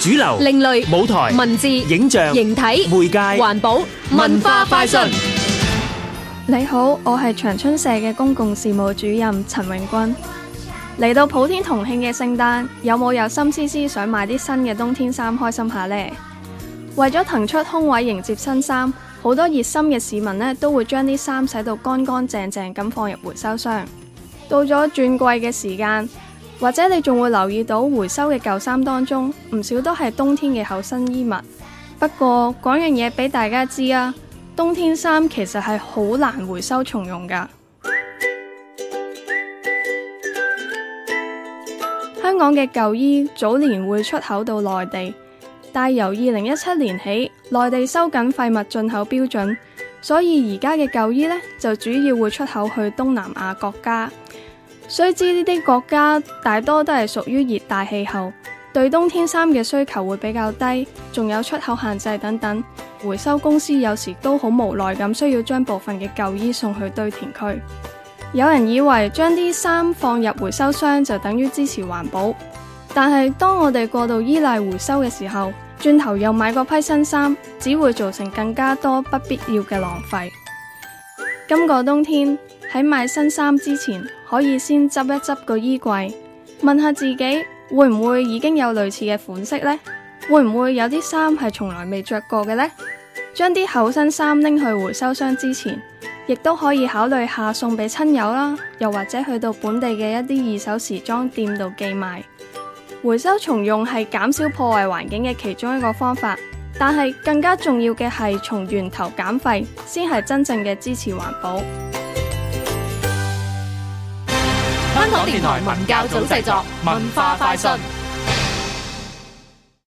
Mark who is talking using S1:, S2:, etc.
S1: 主流、另類、舞台、文字、影像、形體、媒介、環保、文化快訊。你好，我係長春社嘅公共事務主任陳永軍。嚟到普天同慶嘅聖誕，有冇有，有心思思想買啲新嘅冬天衫開心下呢？為咗騰出空位迎接新衫，好多熱心嘅市民呢都會將啲衫洗到乾乾淨淨咁放入回收箱。到咗轉季嘅時間。或者你仲會留意到回收嘅舊衫當中，唔少都係冬天嘅厚身衣物。不過講樣嘢俾大家知啊，冬天衫其實係好難回收重用噶。香港嘅舊衣早年會出口到內地，但由二零一七年起，內地收緊廢物進口標準，所以而家嘅舊衣呢，就主要會出口去東南亞國家。雖知呢啲國家大多都係屬於熱帶氣候，對冬天衫嘅需求會比較低，仲有出口限制等等，回收公司有時都好無奈咁，需要將部分嘅舊衣送去堆填區。有人以為將啲衫放入回收箱就等於支持環保，但係當我哋過度依賴回收嘅時候，轉頭又買嗰批新衫，只會造成更加多不必要嘅浪費。今個冬天喺買新衫之前，可以先執一執個衣櫃，問下自己會唔會已經有類似嘅款式呢？會唔會有啲衫係從來未着過嘅呢？將啲厚身衫拎去回收箱之前，亦都可以考慮下送俾親友啦，又或者去到本地嘅一啲二手時裝店度寄賣。回收重用係減少破壞環境嘅其中一個方法。但係更加重要嘅係從源頭減廢，先係真正嘅支持環保。香港電台文教組製作，作，文化快訊。